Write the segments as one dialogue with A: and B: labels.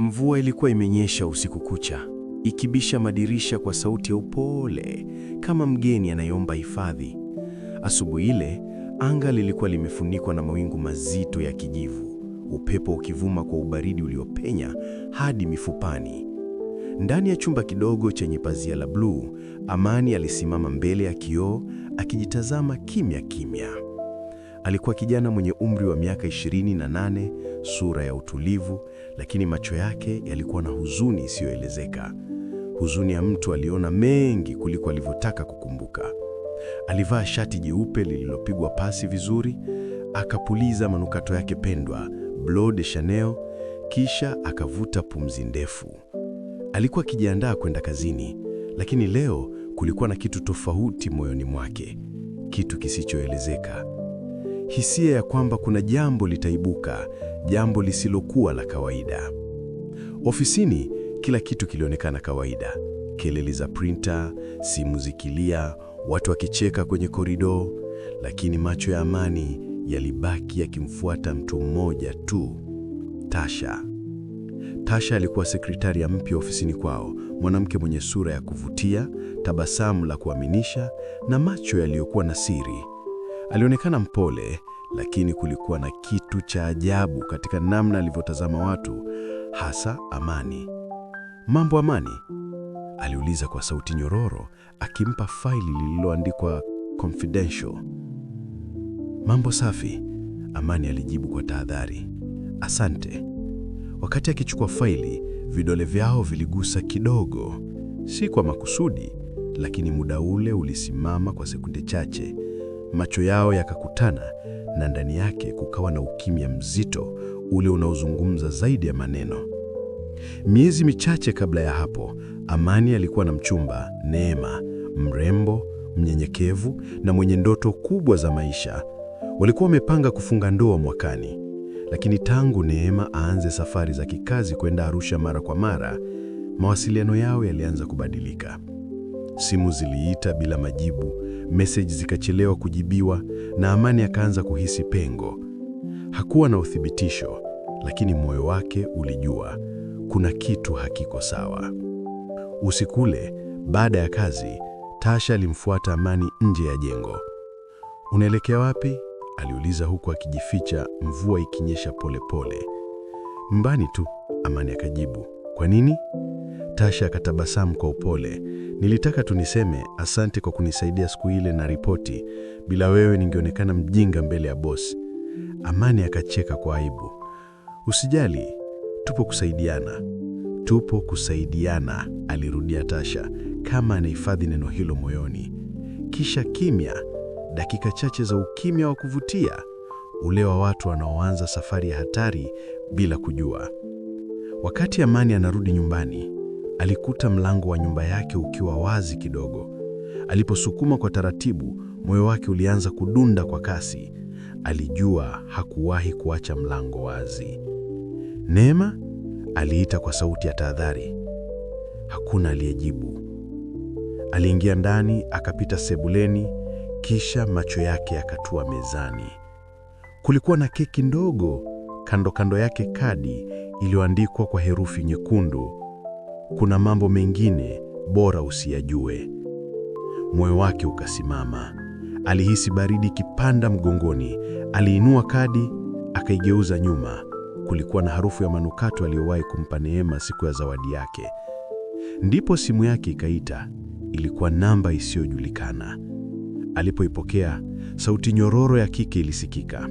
A: Mvua ilikuwa imenyesha usiku kucha, ikibisha madirisha kwa sauti ya upole kama mgeni anayeomba hifadhi. Asubuhi ile anga lilikuwa limefunikwa na mawingu mazito ya kijivu, upepo ukivuma kwa ubaridi uliopenya hadi mifupani. Ndani ya chumba kidogo chenye pazia la bluu, Amani alisimama mbele ya kioo akijitazama kimya kimya. Alikuwa kijana mwenye umri wa miaka ishirini na nane sura ya utulivu, lakini macho yake yalikuwa na huzuni isiyoelezeka, huzuni ya mtu aliona mengi kuliko alivyotaka kukumbuka. Alivaa shati jeupe lililopigwa pasi vizuri, akapuliza manukato yake pendwa Bleu de Chanel, kisha akavuta pumzi ndefu. Alikuwa akijiandaa kwenda kazini, lakini leo kulikuwa na kitu tofauti moyoni mwake, kitu kisichoelezeka, hisia ya kwamba kuna jambo litaibuka jambo lisilokuwa la kawaida. Ofisini kila kitu kilionekana kawaida, kelele za printer, simu zikilia, watu wakicheka kwenye korido, lakini macho ya Amani yalibaki yakimfuata mtu mmoja tu, Tasha. Tasha alikuwa sekretaria mpya ofisini kwao, mwanamke mwenye sura ya kuvutia, tabasamu la kuaminisha na macho yaliyokuwa na siri. Alionekana mpole lakini kulikuwa na kitu cha ajabu katika namna alivyotazama watu, hasa Amani. Mambo Amani? aliuliza kwa sauti nyororo, akimpa faili lililoandikwa confidential. Mambo safi, Amani alijibu kwa tahadhari. Asante. Wakati akichukua faili, vidole vyao viligusa kidogo, si kwa makusudi, lakini muda ule ulisimama kwa sekunde chache. Macho yao yakakutana na ndani yake kukawa na ukimya mzito ule unaozungumza zaidi ya maneno. Miezi michache kabla ya hapo, Amani alikuwa na mchumba Neema, mrembo, mnyenyekevu na mwenye ndoto kubwa za maisha. Walikuwa wamepanga kufunga ndoa mwakani, lakini tangu Neema aanze safari za kikazi kwenda Arusha mara kwa mara, mawasiliano yao yalianza kubadilika. Simu ziliita bila majibu, meseji zikachelewa kujibiwa, na Amani akaanza kuhisi pengo. Hakuwa na uthibitisho, lakini moyo wake ulijua kuna kitu hakiko sawa. Usiku ule baada ya kazi, Tasha alimfuata Amani nje ya jengo. Unaelekea wapi? aliuliza huku akijificha, mvua ikinyesha polepole. Nyumbani tu, Amani akajibu. Kwa nini? Tasha akatabasamu kwa upole. Nilitaka tu niseme asante kwa kunisaidia siku ile na ripoti. Bila wewe ningeonekana mjinga mbele ya bosi. Amani akacheka kwa aibu. Usijali, tupo kusaidiana, tupo kusaidiana, alirudia Tasha kama anahifadhi neno hilo moyoni. Kisha kimya, dakika chache za ukimya wa kuvutia, ule wa watu wanaoanza safari ya hatari bila kujua. Wakati Amani anarudi nyumbani alikuta mlango wa nyumba yake ukiwa wazi kidogo. Aliposukuma kwa taratibu, moyo wake ulianza kudunda kwa kasi. Alijua hakuwahi kuacha mlango wazi. Neema, aliita kwa sauti ya tahadhari. Hakuna aliyejibu. Aliingia ndani, akapita sebuleni, kisha macho yake yakatua mezani. Kulikuwa na keki ndogo, kando kando yake kadi iliyoandikwa kwa herufi nyekundu kuna mambo mengine bora usiyajue. Moyo wake ukasimama, alihisi baridi kipanda mgongoni. Aliinua kadi, akaigeuza nyuma. Kulikuwa na harufu ya manukato aliyowahi kumpa Neema siku ya zawadi yake. Ndipo simu yake ikaita. Ilikuwa namba isiyojulikana. Alipoipokea, sauti nyororo ya kike ilisikika,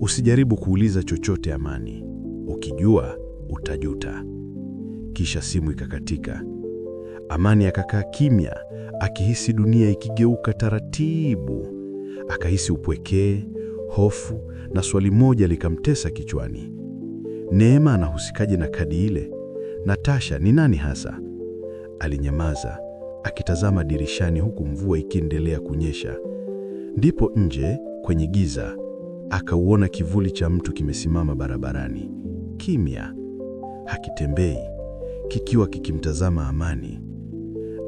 A: usijaribu kuuliza chochote Amani, ukijua utajuta. Kisha simu ikakatika. Amani akakaa kimya, akihisi dunia ikigeuka taratibu. Akahisi upwekee, hofu na swali moja likamtesa kichwani. Neema anahusikaje na kadi ile? Natasha ni nani hasa? Alinyamaza akitazama dirishani huku mvua ikiendelea kunyesha. Ndipo nje kwenye giza akauona kivuli cha mtu kimesimama barabarani, kimya, hakitembei, kikiwa kikimtazama Amani.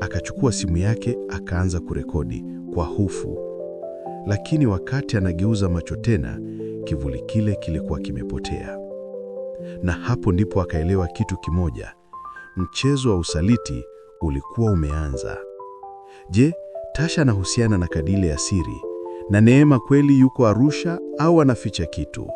A: Akachukua simu yake akaanza kurekodi kwa hofu, lakini wakati anageuza macho tena, kivuli kile kilikuwa kimepotea. Na hapo ndipo akaelewa kitu kimoja: mchezo wa usaliti ulikuwa umeanza. Je, Tasha anahusiana na kadile ya siri, na Neema kweli yuko Arusha au anaficha kitu?